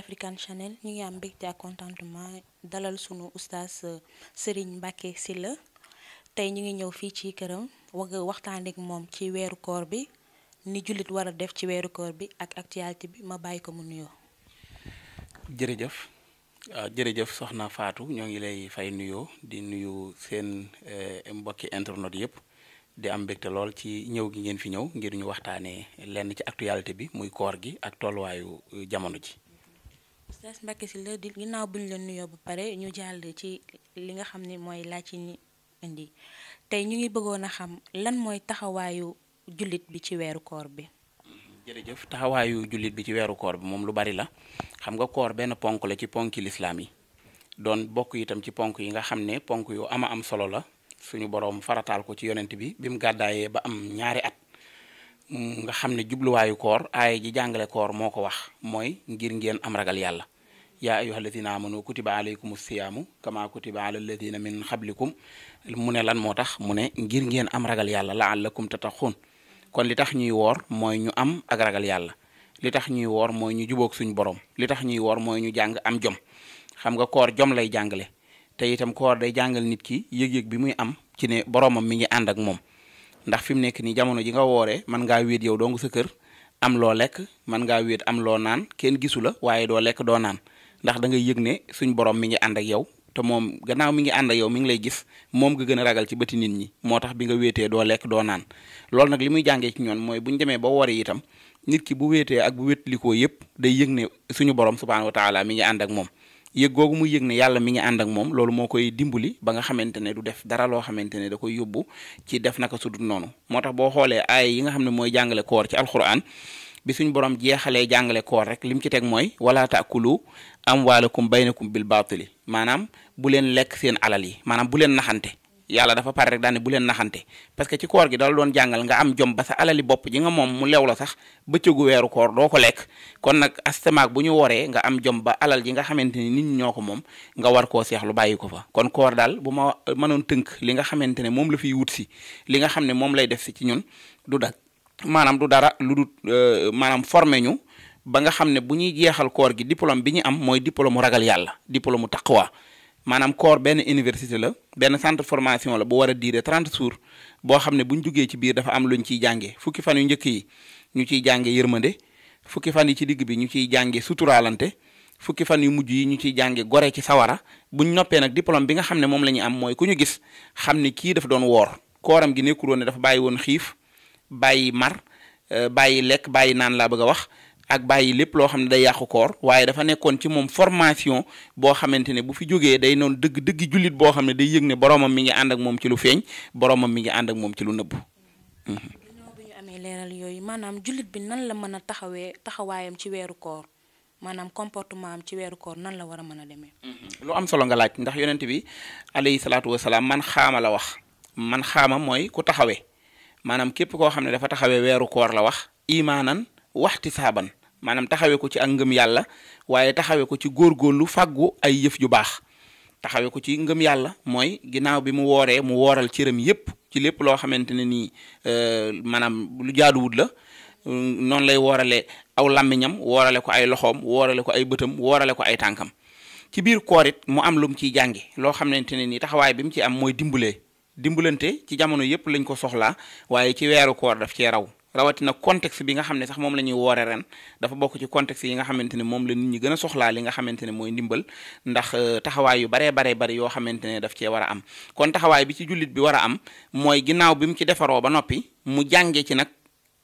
African Channel ñu ngi am mbégte ak contentement dalal sunu oustaz euh, Serigne Mbacké Sylla tey ñu ngi ñëw fii ci këram wag waxtaan ak moom ci weeru koor bi ni jullit war a def ci weeru koor bi ak actualité bi ma bàyyi ko mu nuyoo. jërëjëf ah, jërëjëf soxna faatu ñoo ngi lay fay nuyoo di nuyu seen eh, mbokki internet yëpp. di am mbégte lool ci ñëw gi ngeen fi ñëw ngir ñu waxtaanee lenn ci actualité bi muy koor gi ak tolluwaayu eh, jamono ji. Oustaz Mbacké Sylla di ginnaaw bu ñu leen nuyoo ba pare ñu jàll ci li nga xam ne mooy laaj yi ñu indi tey ñu ngi bëggoon a xam lan mooy taxawaayu jullit bi ci weeru koor bi. jërëjëf taxawaayu jullit bi ci weeru koor bi moom lu bari la xam nga koor benn ponk la ci ponk yi lislaam yi doon bokk itam ci ponk yi nga xam ne ponk yu ama am solo la suñu boroom farataal ko ci yonent bi bi mu gàddaayee ba am ñaari at. nga xam ne jubluwaayu koor aaya ji jàngale koor moo ko wax mooy ngir ngeen am ragal yàlla yaa ayuha alladina amanu kutiba alaykum siyaamu kama kutiba ala alladina min xablikum mu ne lan moo tax mu ne ngir ngeen am ragal yàlla laallakum tataxun kon li tax ñuy woor mooy ñu am ak ragal yàlla li tax ñuy woor mooy ñu jubóog suñu borom li tax ñuy woor mooy ñu jàng am jom xam nga koor jom lay jàngale te itam koor day jàngal nit ki yëg-yëg bi muy am ci ne boromam mi ngi ànd ak moom ndax fi mu nekk nii jamono ji nga wooree mën nga wéet yow dong sa kër am loo lekk mën ngaa wéet am loo naan kenn gisu la waaye doo lekk doo naan ndax danga ngay yëg ne suñ borom mi ngi ànd ak yow te moom gannaaw mi ngi ànd ak yow mi ngi lay gis moom nga gën a ragal ci bëti nit ñi moo tax bi nga wéetee doo lekk doo naan loolu nag li muy jàngee ci ñoon mooy bu ñu demee ba woore itam nit ki bu wéetee ak bu wétlikoo yëpp day yëg ne suñu borom subhaanahu wa taala mi ngi ànd ak moom yëg googu mu yëg ne yàlla mi ngi ànd ak moom loolu moo koy dimbali ba nga xamante ne du def dara loo xamante ne da koy yóbbu ci def naka sudut noonu moo tax boo xoolee ay yi nga xam ne mooy jàngale koor ci alxuraan bi suñ borom jeexalee jàngale koor rek lim ci teg mooy am wala taakulu amwaalakum baynakum bil baatili maanaam bu leen lekk seen alal yi maanaam bu leen naxante yàlla dafa pare rek daane bu leen naxante parce que ci koor gi dala doon jàngal nga am jom ba sa alali bopp ji nga moom mu lew la sax bëccëgu weeru koor doo ko lekk kon nag astamaak bu ñu woree nga am jom ba alal ji nga xamante ni nit ñoo ko moom nga war koo lu bàyyi ko fa kon koor daal bu ma mënoon tënk li nga xamante ne moom la fiy wut si li nga xam ne moom lay def si ci ñun du dak maanaam du dara lu dul euh, maanaam formé ñu ba nga xam ne bu ñuy jeexal koor gi diplôme bi ñu am mooy diplôme mu ragal yàlla diplôme mu taqwa maanaam coor benn université la benn centre formation la bu war a diire 30 jours boo xam ne bu ñu jugee ci biir dafa am lu ñu ciy jàngee fukki fan yu njëkk yi ñu ciy jàngee yërmande fukki fan yi ci digg bi ñu ciy jàngee suturaalante fukki fan yu mujj yi ñu ciy jàngee gore ci sawara buñ noppee nag diplôme bi nga xam ne moom la ñu am mooy ku ñu gis xam ne kii dafa doon woor kooram gi nekkul woon ne dafa bàyyi woon xiif bàyyi mar euh, bàyyi lekk bàyyi naan laa bëgg a wax ak bàyyi lépp loo xam ne day yàqu koor waaye dafa nekkoon ci moom formation boo xamante ne bu fi jógee day noonu dëgg dëgg jullit boo xam ne day yëg ne boromam mi ngi ànd ak moom ci lu feeñ boromam mi ngi ànd ak moom ci lu nëbb. ginnaaw bi ñu maanaam jullit bi nan la mën a taxawee taxawaayam ci weeru koor maanaam comportement am ci weeru koor nan la war a mën a demee. Mm-hmm. lu am solo nga laaj ndax yonent bi alayhi salaatu wasalaam man xaama la wax man xaama mooy ku taxawee maanaam képp koo xam ne dafa taxawee weeru koor la wax imaanan waxti saaban maanaam taxawee ko ci ak ngëm yàlla waaye taxawee ko ci góor góorgóorlu fàggu ay yëf yu baax taxawee ko ci ngëm yàlla mooy ginnaaw bi mu wooree mu wooral cëram yépp ci lépp loo xamante ne nii euh, maanaam lu jaaduwut la noonu lay woorale aw làmmiñam woorale ko ay loxoom woorale ko ay bëtam woorale ko ay tànkam ci biir koor it mu am lu mu ciy jànge loo xamante ne nii taxawaay bi mu ci am mooy dimbalee dimbalante ci jamono yépp lañ ko soxlaa waaye ci weeru koor daf cee raw rawatina context bi nga xam ne sax moom la ñuy woore ren dafa bokk ci contexte yi nga xamante ne moom la nit ñi gën a soxlaa li nga xamante ne mooy ndimbal ndax euh, taxawaay yu baree baree bari yoo xamante ne daf cee war a am kon taxawaay bi ci jullit bi war a am mooy ginnaaw bi mu ci defaroo ba noppi mu jàngee ci nag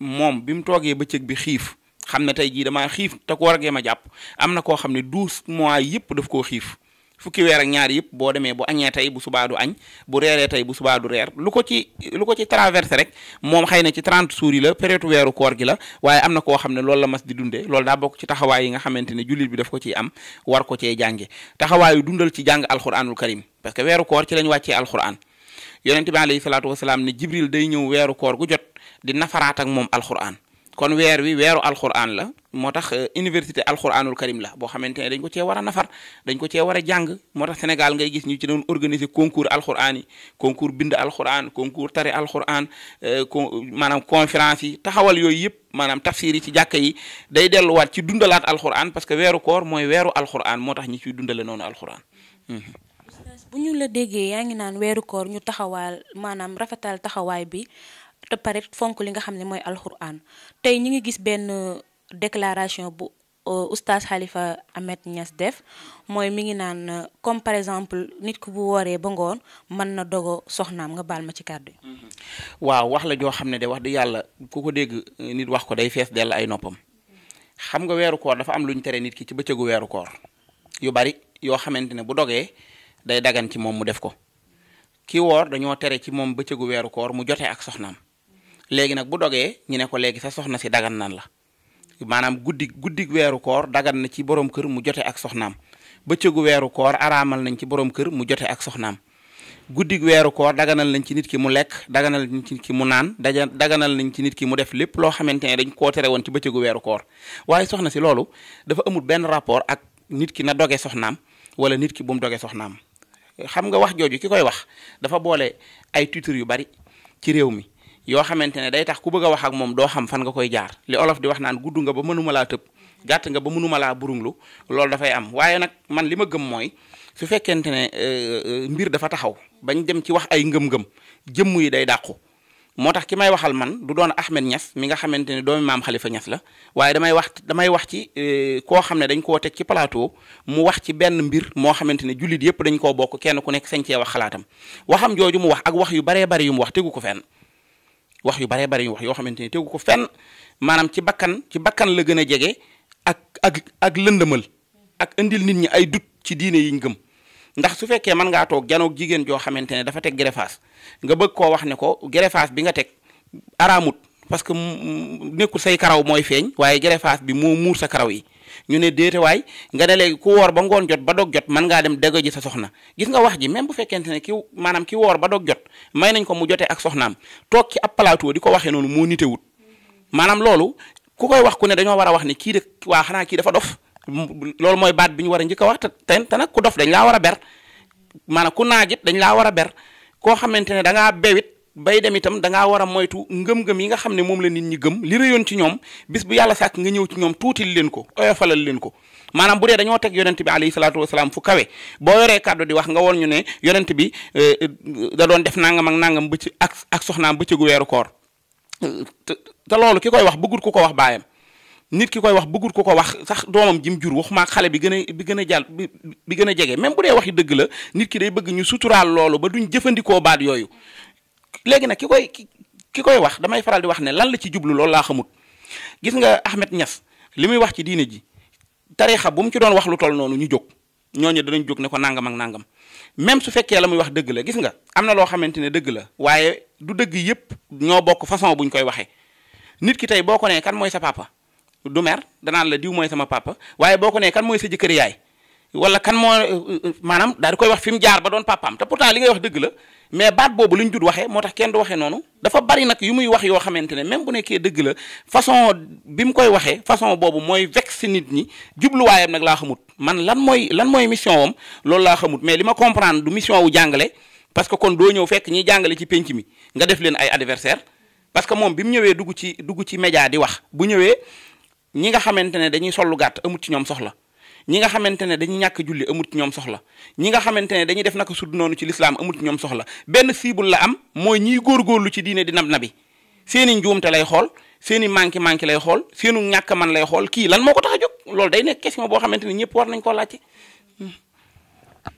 moom bi mu toogee ba cëg bi xiif xam ne tey jii damaa xiif te ko wargee ma jàpp am na koo xam ne douze mois yëpp daf koo xiif fukki weer ak ñaar yëpp boo demee bu añee tey bu subaa du añ bu reeree tey bu subaa reer lu ko ci lu ko ci traversé rek moom xëy na ci 30 jours la période weeru koor gi la waaye am na koo xam ne lool la mas di dundee loolu daa bokk ci taxawaay nga xamante ne jullit bi daf ko ciy am war ko cee jànge taxawaayu dundal ci jàng alquranul karim parce que weeru koor ci lañ wàccee alquran yonente bi alayhi salaatu wasalaam ne jibril day ñëw weeru koor gu jot di nafaraat ak moom alquran kon weer wi weeru alxuraan la moo tax euh, université alxuraanul karim la boo xamante ne dañ ko cee war a nafar dañ ko cee war a jàng moo tax Sénégal ngay gis ñu ci doon organiser concours alxuraan yi concours bind alxuraan concours tari alxuraan euh, con maanaam conférence yi taxawal yooyu yëpp maanaam tafsir yi ci jàkka yi day delluwaat ci dundalaat alxuraan parce que weeru koor mooy weeru alxuraan moo tax ñi ciy dundale noonu alxuraan. bu ñu la déggee yaa ngi naan te pare fonk li nga xam ne mooy alxuraan tey ñu ngi gis benn euh, déclaration bu euh, oustaz xalifa Ahmed ñas def mooy mi ngi naan euh, comme par exemple nit ku bu wooree ba ngoon mën na dogo soxnaam nga baal ma ci kàddu yi. Mm-hmm. waaw wax la joo xam ne de wax dëgg yàlla ku ko dégg nit wax ko day fees dell ay noppam xam nga weeru koor dafa am lu ñu tere nit ki ci bëccëgu weeru koor yu bari yoo xamante ne bu dogee day dagan ci moom mu def ko ki woor dañoo tere ci moom bëccëgu weeru koor mu jotee ak soxnaam. léegi nag bu dogee ñu ne ko léegi sa soxna si dagan nan la maanaam guddi guddi weeru koor dagan na ci borom kër mu jote ak soxnaam bëccëgu weeru koor araamal nañ ci borom kër mu jote ak soxnaam guddi weeru koor daganal nañ ci nit ki mu lekk daganal nañ ci nit ki mu naan daja daganal nañ ci nit ki mu def lépp loo xamante ne dañ ko tere woon ci bëccëgu weeru koor waaye soxna si loolu dafa amul benn rapport ak nit ki na doge soxnaam wala nit ki bu mu doge soxnaam xam nga wax jooju ki koy wax dafa boole ay titre yu bari ci réew mi yoo xamante ne day tax ku bëgg a wax ak moom doo xam fan nga koy jaar li olof di wax naan gudd nga ba mënuma laa tëb gàtt nga ba mënuma laa burunglu loolu dafay am waaye nag man li ma gëm mooy su fekkente ne euh, euh, mbir dafa taxaw bañ dem ci wax ay ngëm-ngëm jëmm yi day dàqu moo tax ki may waxal man du doon a Ahmed ñas mi nga xamante ne doomi maam Khalifa ñas la waaye damay wax damay wax ci euh, koo xam ne dañ koo teg ci plateau mu wax ci benn mbir moo xamante ne jullit yépp dañ koo bokk kenn ku nekk sañ cee wax xalaatam waxam jooju mu wax ak wax yu baree bari yu mu wax tegu ko fenn wax yu baree bari yu wax yoo xamante ne tegu ko fenn maanaam ci bakkan ci bakkan la gën a jege ak ak ak lëndëmal ak indil nit ñi ay dut ci diine yiñ gëm ndax su fekkee mën ngaa toog janoog jigéen joo xamante ne dafa teg gerefaas nga bëgg koo wax ne ko gerefaas bi nga teg araamut parce que nekkul say karaw mooy feeñ waaye gerefaas bi moo muur sa karaw yi ñu ne déete waay nga ne léegi ku woor ba ngoon jot ba dog jot mën ngaa dem dégg ji sa soxna gis nga wax ji même bu fekkente ne ki maanaam ki woor ba dog jot may nañ ko mu jotee ak soxnaam toog ci ab plateau di ko waxee noonu moo nite wut maanaam loolu ku koy wax ku ne dañoo war a wax ne kii de waa xanaa kii dafa dof loolu mooy baat bi ñu war a njëkk a wax te te nag ku dof dañ laa war a ber maanaam ku naajit dañ laa war a ber xamante ne dangaa bewit bay dem itam dangaa war a moytu ngëm-ngëm yi nga xam ne moom la nit ñi gëm li réyoon ci ñoom bis bu yàlla sàkk nga ñëw ci ñoom tuutil leen ko oyofalal leen ko maanaam bu dee dañoo teg yonent bi alayhi salaatu wasalaam fu kawe boo yoree di wax nga woon ñu ne yonent bi eh, da doon def nangam ak nangam bëcc ak ak soxnaam bëccëgu weeru koor te loolu ki koy wax bëggul ku ko wax baayam nit ki koy wax bëggul ku ko wax sax doomam jim jur waxumaa xale bi gën a bi gën a jàll bi gën a jege même bu dee waxi dëgg la nit ki day bëgg ñu suturaal loolu ba duñ jëfandikoo baat yooyu léegi nag ki koy ki koy wax damay faral di wax ne lan la ci jublu loolu laa xamut gis nga Ahmed Niass li muy wax ci diine ji tariixa bu mu ci doon wax lu toll noonu ñu jóg ñooñu danañ jóg ne ko nangam ak nangam même su fekkee la muy wax dëgg la gis nga am na loo xamante ne dëgg la waaye du dëgg yépp ñoo bokk façon buñ koy waxee nit ki tey boo ko nee kan mooy sa papa du mer danaan la diw mooy sama papa waaye boo ko nee kan mooy sa jëkkër yaay wala kan moo maanaam daal di wax fi mu jaar ba doon papaam te pourtant li ngay wax dëgg la mais baat boobu lu ñu dul waxee moo tax kenn du waxee noonu dafa bari nag yu muy wax yoo xamante ne même bu nekkee dëgg la façon bi mu koy waxee façon boobu mooy vex nit ñi jubluwaayam nag laa xamut man lan mooy lan mooy mission wam loolu laa xamut mais li ma comprendre du mission wu jàngale parce que kon doo ñëw fekk ñiy jàngale ci penc mi nga def leen ay adversaire parce que moom bi mu ñëwee dugg ci dugg ci média di wax bu ñëwee ñi nga xamante ne dañuy sollu gàtt amut ci ñoom soxla ñi nga xamante ne dañu ñàkk julli amut ci ñoom soxla ñi nga xamante ne dañuy def naka sudd noonu ci lislaam amut ci ñoom soxla benn cible la am mooy ñiy góorgóorlu ci diine di nab nabi seeni njuumte lay xool seeni manqué manqué lay xool seenu ñàkk man lay xool kii lan moo ko tax a jóg loolu day nekk question boo xamante ne ñëpp war nañ koo laajte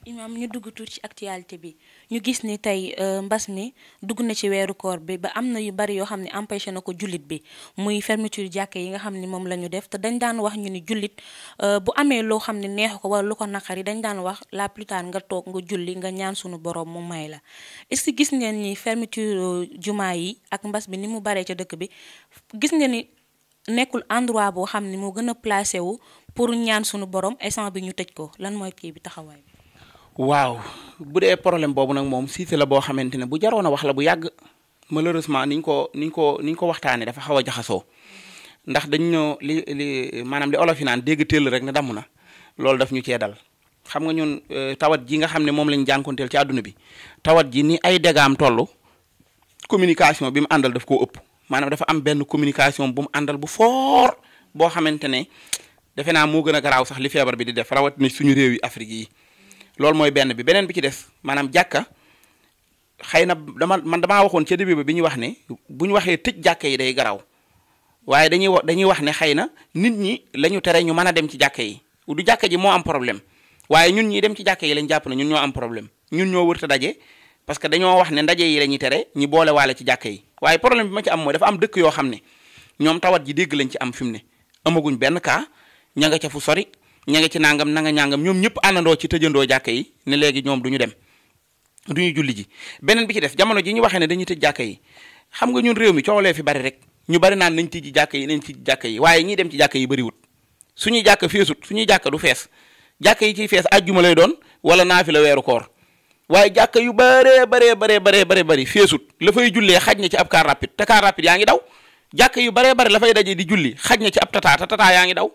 imam ñu dugg tuuti ci actualité bi ñu gis ni tey euh, mbas mi dugg na ci weeru koor bi ba am na yu bari yoo xam ne empêché na ko jullit bi muy fermeture jàkke yi nga xam ni moom la ñu def te dañ daan wax ñu ni jullit euh, bu amee loo xam ne neexu ko wala lu ko naqari dañ daan wax la plus nga toog nga julli nga ñaan suñu borom mu may la est gis ngeen ni fermeture euh, jumaa yi ak mbas bi ni mu baree ca dëkk bi gis ngeen ni nekkul endroit boo xam ne moo gën a placé wu pour ñaan suñu borom instant bi ñu tëj ko lan mooy kii bi taxawaay waaw bu dee problème boobu nag moom Cissé la boo xamante ne bu jaroon a wax la bu yàgg malheureusement niñ ko niñ ko niñ ko waxtaanee dafa xaw a jaxasoo ndax dañu ñoo li li maanaam li olofinaan naan dégg rek ne damm na loolu daf ñu cee dal xam nga ñun euh, tawat ji nga xam ne moom lañ jànkonteel ci àdduna bi tawat ji ni ay dégaam toll communication bi mu àndal daf koo ëpp maanaam dafa am benn communication bu mu àndal bu fort boo xamante ne defe naa moo gën a garaaw sax li feebar bi di def rawat suñu réew yi Afrique yi loolu mooy benn bi beneen bi ci def maanaam jàkka xëy na dama man damaa waxoon ca début bi ñu wax ne bu ñu waxee tëj jàkka yi day garaw waaye dañuy wax dañuy wax ne xëy na nit ñi lañu ñu tere ñu mën a dem ci jàkka yi du jàkka ji moo am problème waaye ñun ñi dem ci jàkka yi lañ jàpp ne ñun ñoo am problème ñun ñoo wërta daje parce que dañoo wax ne ndaje yi la ñuy tere ñi boole waale ci jàkka yi waaye problème bi ma ci am mooy dafa am dëkk yoo xam ne ñoom tawat ji dégg lañ ci am fi mu ne amaguñ benn cas ña nga ca sori ña nga ci nàngam na ñàngam ñoom ñëpp àndandoo ci tëjandoo jàkka yi ne léegi ñoom du ñu dem du ñu julli ji beneen bi ci def jamono ji ñu waxee ne dañu tëj jàkka yi xam nga ñun réew mi coow lee fi bari rek ñu bari naan nañ tijji jàkka yi nañ tijji jàkka yi waaye ñiy dem ci jàkka yi bariwut suñuy jàkka feesut suñuy jàkka du fees jàkka yi ciy fees àjjuma lay doon wala fi la weeru koor waaye jàkka yu baree baree baree baree bare bëri feesut la fay jullee xaj na ci ab car rapide te car rapide yaa ngi daw jàkka yu baree bare la fay dajee di julli xaj na ci ab tataa tataa yaa ngi daw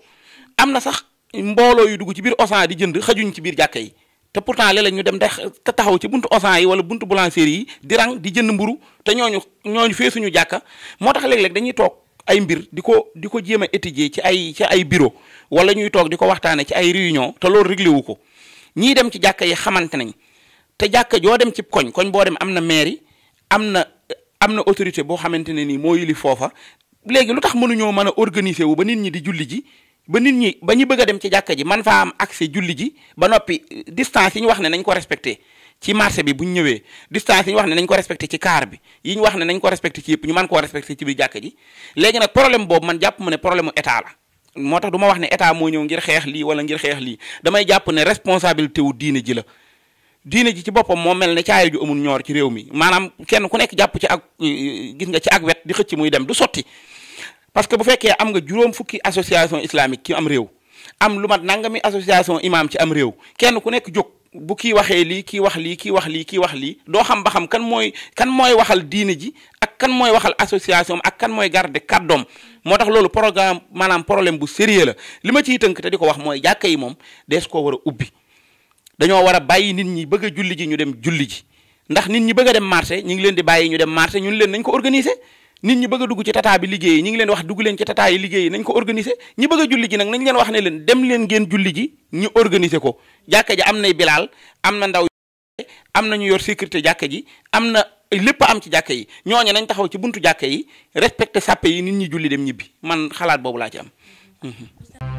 am na sax mbooloo yu dugg ci biir Auchan di jënd xajuñ ci biir jàkka yi te pourtant léeg ñu dem de te taxaw ci buntu Auchan yi wala buntu boulangerie yi di rang di jënd mburu te ñooñu ñooñu fee suñu jàkka moo tax léeg-léeg dañuy toog ay mbir di ko di ko jéem a étudier ci ay ci ay bureau wala ñuy toog di ko waxtaane ci ay réunion te loolu réglé wu ko ñii dem ci jàkka yi xamante nañ te jàkka joo dem ci koñ koñ boo dem am na mairie am na am na autorité boo xamante ne nii moo yili foofa léegi lu tax mënuñoo mën a organiser wu ba nit ñi di julli ji ba nit ñi ba ñu bëgg dem ci jàkka ji man faa am accès julli ji ba noppi distance yi ñu wax ne nañ ko respecté ci marché bi bu ñu ñëwee distance yi ñu wax ne nañ ko respecté ci car bi yi ñu wax ne nañ ko respecté ci yëpp ñu man koo respecté ci biir jàkka ji léegi nag problème boobu man jàpp ma ne problème mu état la moo tax duma ma wax ne état moo ñëw ngir xeex lii wala ngir xeex lii damay jàpp ne responsabilité wu diine ji la diine ji ci boppam moo mel ne caaya ju amul ñoor ci réew mi maanaam kenn ku nekk jàpp ci ak gis nga ci ak wet di xëcc muy dem du sotti parce que bu fekkee am nga juróom fukki association islamique ci am réew am lu mat nangami association imam ci am réew kenn ku nekk jóg bu kii waxee lii kii wax lii kii wax lii kii wax lii doo xam ba xam kan mooy kan mooy waxal diine ji ak kan mooy waxal association ak kan mooy garde kàddoom moo tax loolu programme maanaam problème bu sérieux la li ma ciy tënk te di ko wax mooy jàkka yi moom des koo war a ubbi dañoo war a bàyyi nit ñi bëgg julli ji ñu dem julli ji ndax nit ñi bëgg a dem marché leen di bàyyi ñu dem marché ñun leen nañ ko organiser nit ñi bëgg dugg ci tataa bi liggéey ñi ngi leen wax dugg leen ci tata yi liggéey nañ ko organiser ñi bëgg a julli ji nag nañ leen wax ne leen dem leen geen julli ji ñu organiser ko jàkka ji am nay bilaal am na ndaw am na ñu yor sécurité jàkka ji am na lépp am ci jàkka yi ñooñu nañ taxaw ci buntu jàkka yi respecté sàppe yi nit ñi julli dem ñibbi man xalaat boobu laa ci am mm-hmm.